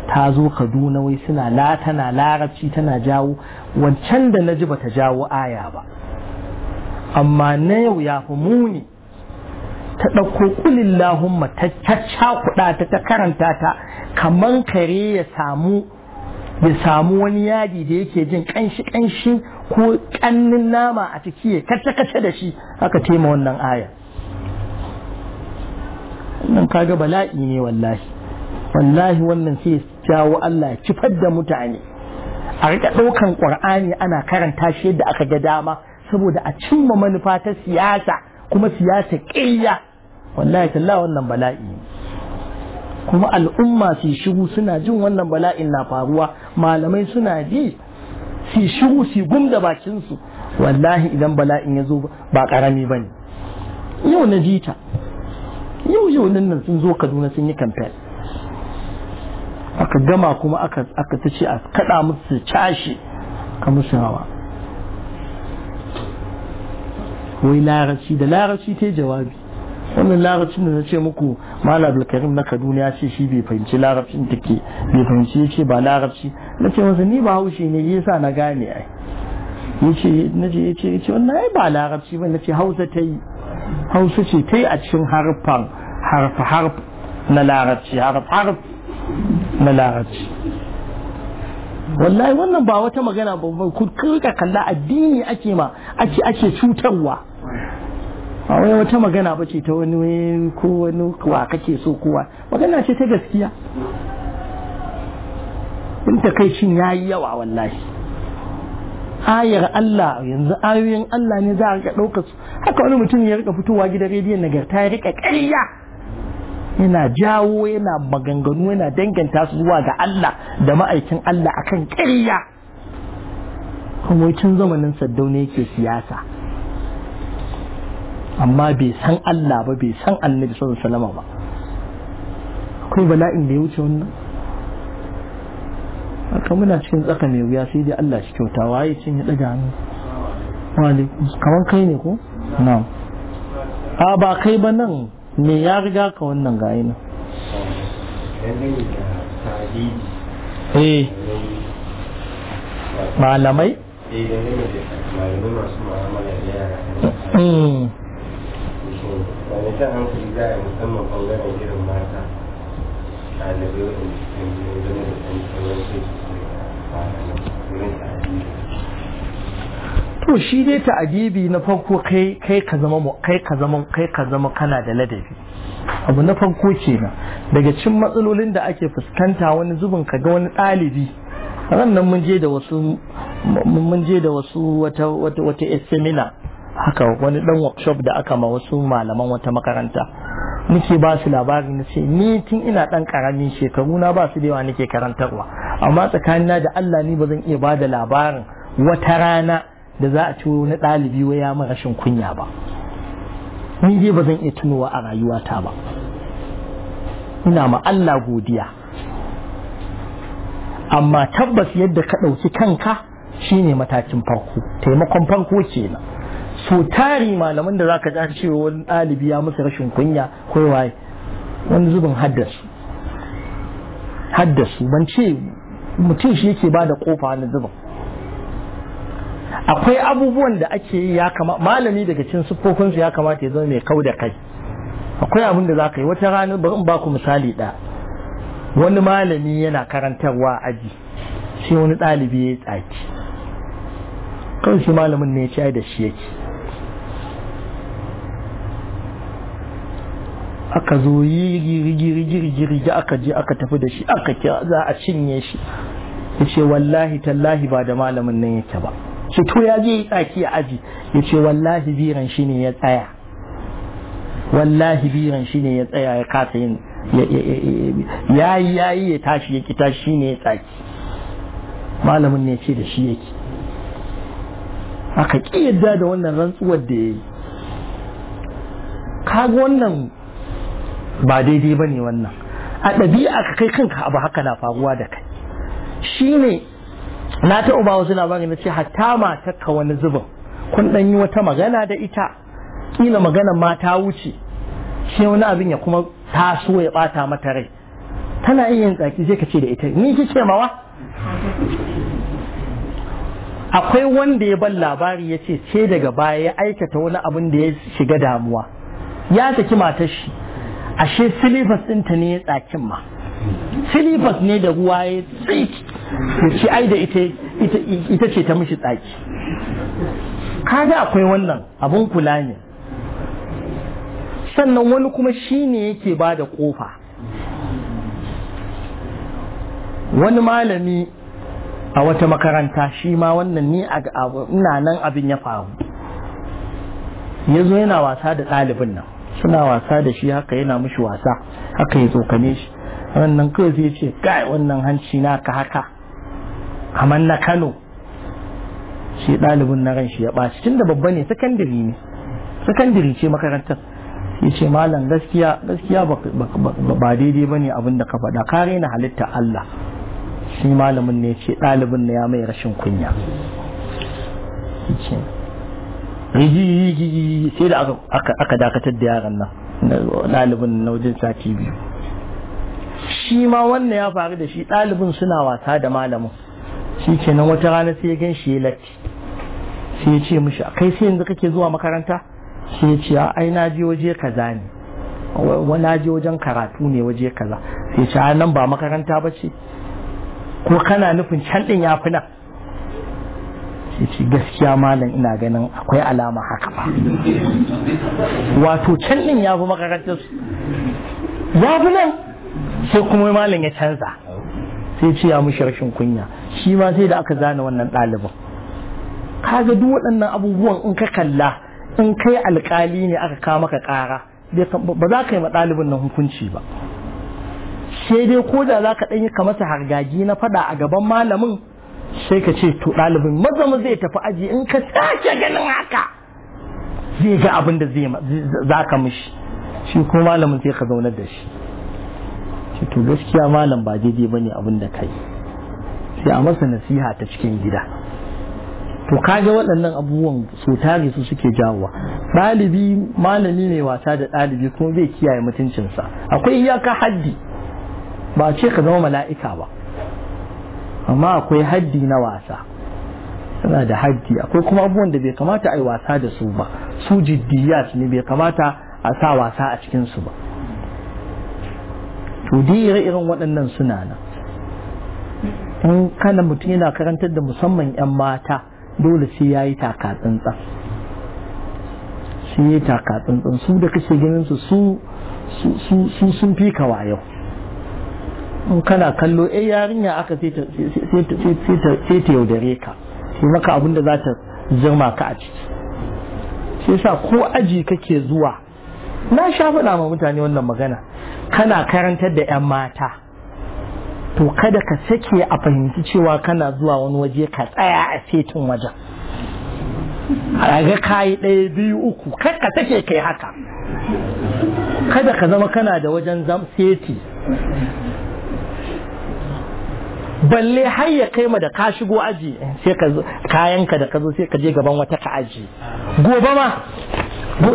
ta zo kaduna wai suna la tana larabci tana jawo wancan da na ji bata jawo aya ba amma na yau ya fi muni ta ɗauko kulillahumma ta caccakuɗa ta ta karanta ta kamar kare ya samu ya samu wani yadi da yake jin kanshi kanshi ko kannin nama a ciki ya kace kace da shi aka tema wannan aya nan kaga bala'i ne wallahi wallahi wannan sai jawo Allah ya cifar da mutane a rika ɗaukan ƙur'ani ana karanta shi yadda aka ga dama saboda a cimma manufa ta siyasa kuma siyasa ƙiyya wallahi talla wannan bala'i ne kuma al'umma su shiru suna jin wannan bala'in na faruwa malamai suna ji su shiru su gum da bakinsu wallahi idan bala'in ya zo ba karami ba ne yau na jita yau yau nan sun zo kaduna sun yi kamfen aka gama kuma aka ta ce a kaɗa musu cashe ka musu hawa wai larashi da larabci ta jawabi wannan larabcin da na ce muku malam abdulkarim na kaduna ya ce shi bai fahimci larabcin ke. bai fahimci ya ce ba larabci na ce masa ni ba haushe ne ya sa na gane ai ya ce na ce ya ce ya ce wannan ai ba larabci ba na ce hausa ta yi hausa ce ta yi a cikin harfan harf harf na larabci harf harf na larabci wallahi wannan ba wata magana ba ku kirka kalla addini ake ma ake ake cutarwa A wai wata magana ba ce ta wani ko wani kuwa kake so kowa magana ce ta gaskiya in takaicin ya yi yawa wallahi ayar Allah yanzu ayoyin Allah ne za a rika ɗauka su haka wani mutum ya rika fitowa gida rediyon nagarta ya rika ƙarya yana jawo yana maganganu yana danganta su zuwa ga Allah da ma'aikin Allah akan ƙarya kuma zamanin saddau ne yake siyasa amma bai san Allah ba bai san annabi sallallahu alaihi wasallam ba akwai bala'in da ya wuce wannan haka muna cikin tsaka mai wuya sai dai Allah shi kyauta waye cin ya daga hannu alaikum kaman kai ne ko na'am a ba kai ba nan me ya riga ka wannan ga yana eh malamai eh, da malamai masu mu'amala da yara hmm. wani ta hankali za a yi musamman ɓangaren irin mata ɗalibai waɗanda cikin biyo don da ɗan sauran sai to shi dai adibi na farko kai ka zama kai ka zama kai ka zama kana da ladabi abu na farko kenan daga cin matsalolin da ake fuskanta wani zubin ka ga wani ɗalibi ran nan mun je da wasu mun je da wasu wata wata wata seminar haka wani dan workshop da aka ma wasu malaman wata makaranta muke ba su labari na ce ni tun ina dan karami shekaru na ba su da yawa nake karantarwa amma tsakanina da Allah ni ba zan iya ba da labarin wata rana da za a ci wani ɗalibi wai ya rashin kunya ba ni dai ba zan iya tunowa a rayuwata ba ina ma Allah godiya amma tabbas yadda ka ɗauki kanka shine matakin farko taimakon farko kenan su tari malaman da zaka ka an cewa wani ɗalibi ya masa rashin kunya ko waye wani zubin haddasu haddasu ban ce mutum shi yake ba da kofa na zubin akwai abubuwan da ake yi ya kama malami daga cikin siffofinsu ya kamata ya zama mai kau da kai akwai abin da za ka yi wata rana ba in ku misali ɗaya wani malami yana karantarwa aji sai wani ɗalibi ya yi tsaki kawai shi malamin ne ya ci da shi yake aka zo yi da aka je aka tafi da shi aka kira za a cinye shi ya ce wallahi tallahi ba da malamin nan yake ba shi to ya je tsaki a aji ya ce wallahi biran shi ne ya tsaya wallahi biran shi ne ya tsaya ya kasa yin ya yi ya yi ya tashi ya kita shi ne ya tsaki malamin ne ce da shi yake aka ƙi yadda da wannan rantsuwar da ya yi kaga wannan ba daidai ba ne wannan a ɗabi'a ka kai kanka abu haka na faruwa da kai shi ne na taɓa ba wasu labari na ce hatta matarka wani zubin kun ɗan yi wata magana da ita ƙila maganar ma ta wuce shi wani abin ya kuma taso ya ɓata mata rai tana iya yin tsaki zai ka ce da ita ni ki ce mawa akwai wanda ya ban labari ya ce ce daga baya ya aikata wani abin da ya shiga damuwa ya saki matar shi ashe silifas ɗinta ne ya tsakin ma silifas ne da ruwa ya ya ai da ita ce ta mishi tsaki kaga akwai wannan abin kula ne sannan wani kuma shi ne yake ba da kofa wani malami a wata makaranta shi ma wannan ni ina nan abin ya faru ya yana wasa da ɗalibin nan suna wasa da shi haka yana mushi wasa haka ya tsokane shi wannan kawai sai ce kai wannan hanci na ka haka kamar na Kano shi ɗalibin na ran shi ya ɓaci tunda babba ne sakandiri ce makarantar ya ce malam gaskiya ba daidai ba ne abinda da ka faɗa ka na halitta Allah shi malamin ne ce ɗalibin na ya mai rashin kunya rigigigi sai da aka dakatar da yaran nan ɗalibin na wajen sati biyu shi ma wannan ya faru da shi ɗalibin suna wasa da malamin shi nan wata rana sai ya gan shi ya latti sai ya ce mishi kai sai yanzu kake zuwa makaranta sai ya ce ai na je waje kaza ne na je wajen karatu ne waje kaza sai ya ce nan ba makaranta ba ce ko kana nufin can ɗin ya fi nan ce gaskiya malam ina ganin akwai alama haka ba wato can din ya fi makarantar su ya fi nan sai kuma malam ya canza sai ce ya mushi rashin kunya shi ma sai da aka zana wannan ɗalibin ga duk waɗannan abubuwan in ka kalla in kai alkali ne aka kama ka ƙara ba za ka yi ma ɗalibin nan hukunci ba sai dai ko da za ka ɗanyi ka masa hargaji na faɗa a gaban malamin sai ka ce to ɗalibin maza zai tafi aji in ka sake ganin haka zai ga abin da zai za ka mishi shi ko malamin sai ka zaunar da shi shi to gaskiya malam ba daidai ba ne abin da kai sai a masa nasiha ta cikin gida to kaga waɗannan abubuwan so tare su suke jawowa ɗalibi malami mai wasa da ɗalibi kuma zai kiyaye mutuncinsa akwai iyaka haddi ba ce ka zama mala'ika ba amma akwai haddi na wasa suna da haddi akwai kuma abubuwan da bai kamata a yi wasa da su ba su jiddiyat ne bai kamata a sa wasa a cikin su ba to ire irin waɗannan suna nan in kana mutum yana karantar da musamman 'yan mata dole sai ya yi taka tsantsan ya yi taka su da kashe ganin su sun fi kawayau kana kallo eh yarinya aka sai ta yaudare ka sai maka abin da za ta zirma ka a ciki sai sa ko aji kake zuwa na sha faɗa ma mutane wannan magana kana karantar da 'yan mata to kada ka sake a fahimci cewa kana zuwa wani waje ka tsaya a setin wajen a ga kayi ɗaya biyu uku kar ka sake kai haka kada ka zama kana da wajen seti balle har ya kai ma da ka shigo aji sai ka kayan ka da ka zo sai ka je gaban wata ka aji gobe ma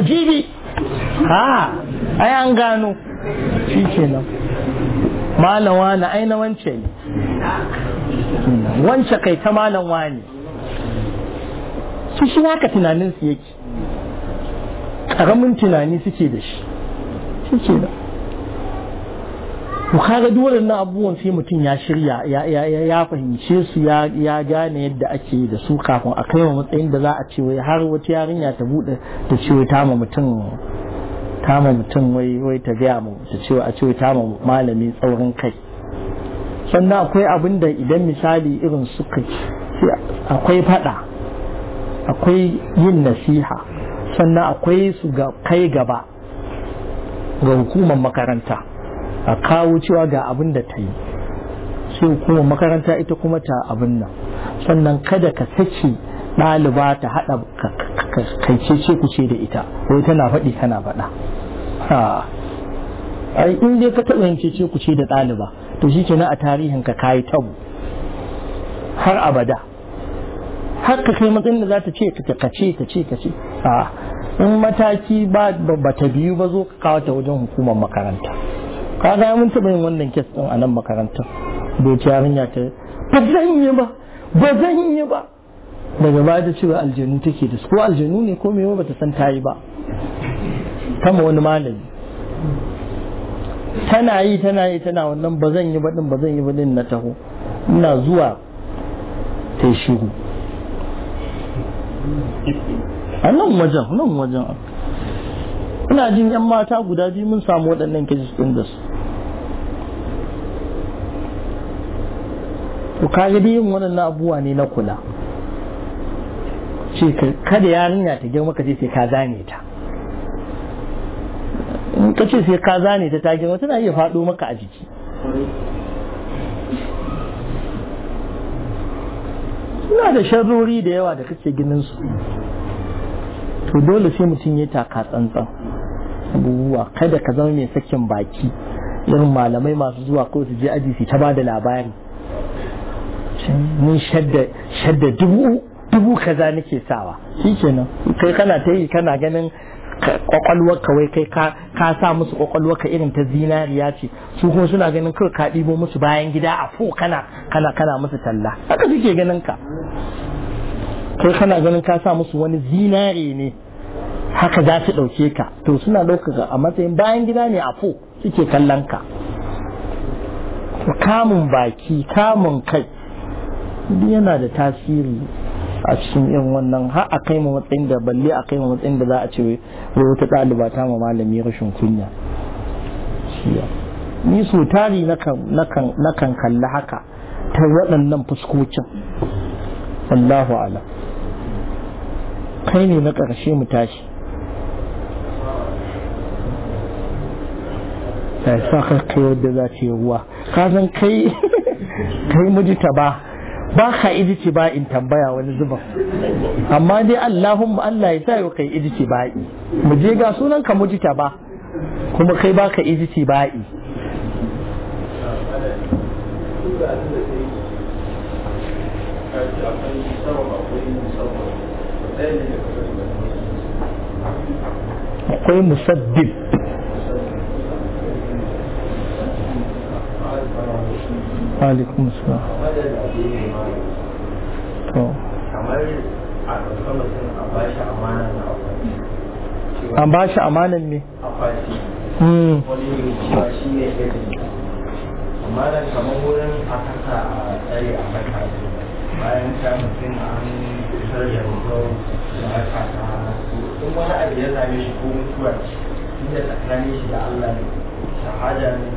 jibi ha ai an gano shi kenan malam wani ai na wance ne wance kai ta malam wani su shi haka tunanin su yake karamin tunani suke da shi shi kenan to kaga duk waɗannan abubuwan sai mutum ya shirya ya fahimce su ya gane yadda ake da su kafin a kai wa matsayin da za a ce wai har wata yarinya ta buɗe. ta ce wai tama mutum tama mutum wai wai ta gaya mu ta ce a ce wai tama malami tsaurin kai sannan akwai abin da idan misali irin suka akwai fada akwai yin nasiha sannan akwai su ga kai gaba ga hukumar makaranta a kawo cewa ga abin da ta yi sai kuma makaranta ita kuma ta abin nan sannan kada ka sace ɗaliba ta haɗa kaicece kuce da ita wai tana faɗi tana faɗa ai in dai ka taɓa yin ku kuce da ɗaliba to shi kenan a tarihin ka kayi tabu har abada har ka kai matsayin da za ta ce ka ce ka ce ka ce in mataki ba ta biyu ba zo ka kawo ta wajen hukumar makaranta kaga mun taɓa yin wannan kes ɗin a nan makarantar doki yarinya ta ba zan yi ba ba zan yi ba daga ba ta cewa aljanu take da su ko aljanu ne ko mewa bata san ta yi ba kama wani malami tana yi tana yi tana wannan ba zan yi ba din ba zan yi ba din na taho ina zuwa ta yi shiru a nan wajen nan wajen ina jin yan mata guda biyu mun samu waɗannan kejis ɗin da su to kaga dai yin wannan abubuwa ne na kula ce kada yarinya ta girma ka ce sai ka zane ta in ka ce sai ka zane ta ta girma tana iya faɗo maka a jiki Ina da sharrori da yawa da kake ginin su to dole sai mutum ya taka tsantsan abubuwa kada ka zama mai sakin baki irin malamai masu zuwa ko su je aji su ta ba da labari ni shadda dubu dubu kaza nake sawa shi kenan kai kana ta yi kana ganin kwakwalwar ka wai kai ka sa musu kwakwalwar ka irin ta zinariya ce su kuma suna ganin kai ka ɗibo musu bayan gida a fo kana kana kana musu talla haka suke ganin ka kai kana ganin ka sa musu wani zinare ne haka za su ɗauke ka to suna ɗaukaka a matsayin bayan gida ne a fo suke kallon ka kamun baki kamun kai duk yana da tasiri a cikin yin wannan har a kai mu matsayin da balle a kai mu matsayin da za a ce wata ɗaliba ta ma malami rashin kunya ni so tari nakan kalli haka ta waɗannan fuskocin wallahu ala kai ne na ƙarshe mu tashi yi sa ka kai wadda za ta yi ruwa ka kai kai mujita ba ba ka idici ba in tambaya wani zuba, amma dai Allahumma Allah ya sa yau kai idici ba'i mu je ga sunan ka mujita ba kuma kai ba ka idici ba'i akwai musaddib alaikum salam an ba shi amanan ne kamar wurin a kasa a tsari a kasa bayan ta mutum an isar da rukau da aka in wani abu ya shi ko mutuwa inda tsakanin shi da Allah ne shahada ne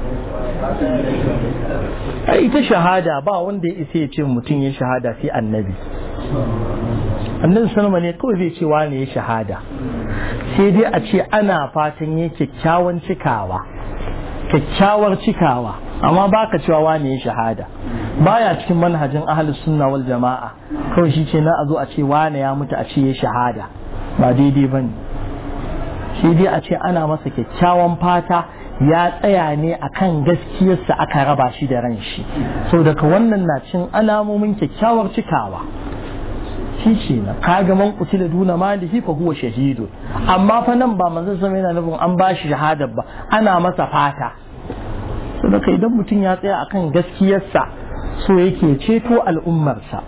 a ita shahada ba wanda ya isa ya ce mutum ya shahada sai annabi annabi sama ne kawai zai ce wani ya shahada sai dai a ce ana fatan ya kyakkyawan cikawa kyakkyawar cikawa amma ba ka cewa wani ya shahada baya cikin manhajin ahalus sunna wal jama'a kawai shi ce na a zo a ce wani ya mutu a ce ya shahada ba daidai ba ne shi dai a ce ana masa kyakkyawan fata ya tsaya ne a kan gaskiyarsa aka raba shi da ran shi so daga wannan na cin alamomin kyakkyawar cikawa shi ce na kaga man da duna malihi fa huwa shahidu amma fa nan ba manzo sama yana nufin an ba shi shahadar ba ana masa fata so daga idan mutum ya tsaya akan gaskiyarsa so yake ceto al'ummarsa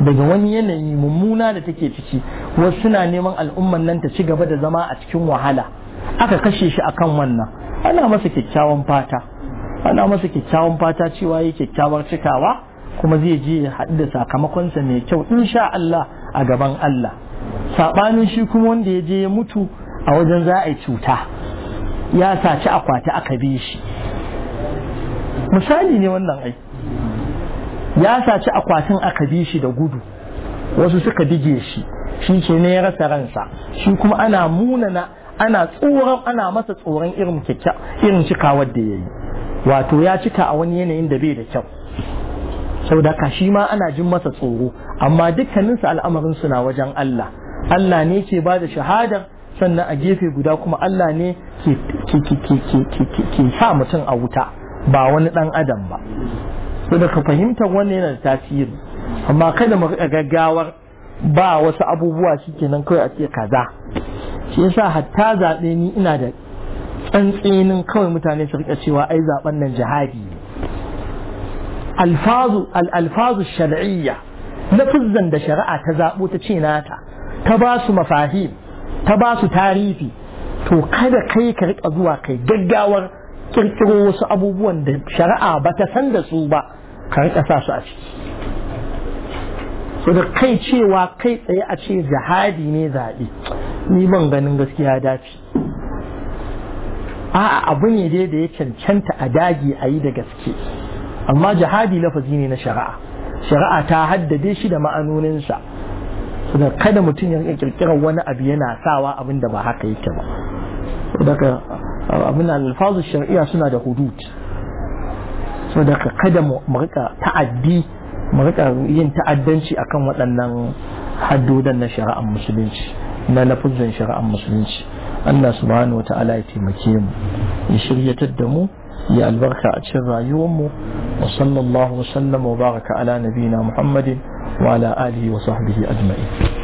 daga wani yanayi mummuna da take ciki wasu na neman al'ummar nan ta ci gaba da zama a cikin wahala aka kashe shi akan wannan ana masa kyakkyawan fata ana masa kyakkyawan fata cewa yi kyakkyawar cikawa kuma zai je ya haɗu da sakamakonsa mai kyau insha Allah a gaban Allah saɓanin shi kuma wanda ya je ya mutu a wajen za a cuta ya saci akwati aka bi shi misali ne wannan ai ya saci akwatin aka bi shi da gudu wasu suka bige shi shi ke ne ya rasa ransa shi kuma ana munana ana tsoron ana masa tsoron irin kikka irin cikawar da yayi wato ya cika a wani yanayin da bai da kyau Sau ka shi ma ana jin masa tsoro amma dukkaninsu al'amarin na wajen Allah Allah ne ke ba da shahadar sannan a gefe guda kuma Allah ne ke sa mutum a wuta ba wani ɗan adam ba so da ka fahimtar wannan yana da tasiri amma kada mu riƙa gaggawar ba wasu abubuwa shi kenan kawai a ce kaza shi yasa hatta zaɓe ni ina da tsantsinin kawai mutane su rika cewa ai zaɓen nan jihadi ne alfazu al-alfazu shar'iyya lafuzzan da shari'a ta zaɓo ta ce nata ta ba su mafahim ta ba su tarihi to kada kai ka rika zuwa kai gaggawar kirkiro wasu abubuwan da shari'a ba ta san da su ba ka rika sa su a ciki so kai cewa kai tsaye a ce jihadi ne zaɓe ni ban ganin gaskiya dace a'a abu ne dai da ya cancanta a dagi a yi da gaske amma jihadi lafazi ne na shari'a shari'a ta haddade shi da ma'anoninsa suna kada mutum ya kirkirar wani abu yana sawa abin da ba haka yake ba daga abin alfazu shari'a suna da hudud saboda kada mu ta'addi mu yin ta'addanci akan waɗannan haddodan na shari'ar musulunci na lafuzan shari'ar musulunci Allah subhanahu wa ta'ala ya taimake mu ya shiryatar da mu ya albarka a cikin rayuwar mu wa sallallahu wa sallama wa baraka ala nabiyina Muhammadin wa ala alihi wa sahbihi ajma'in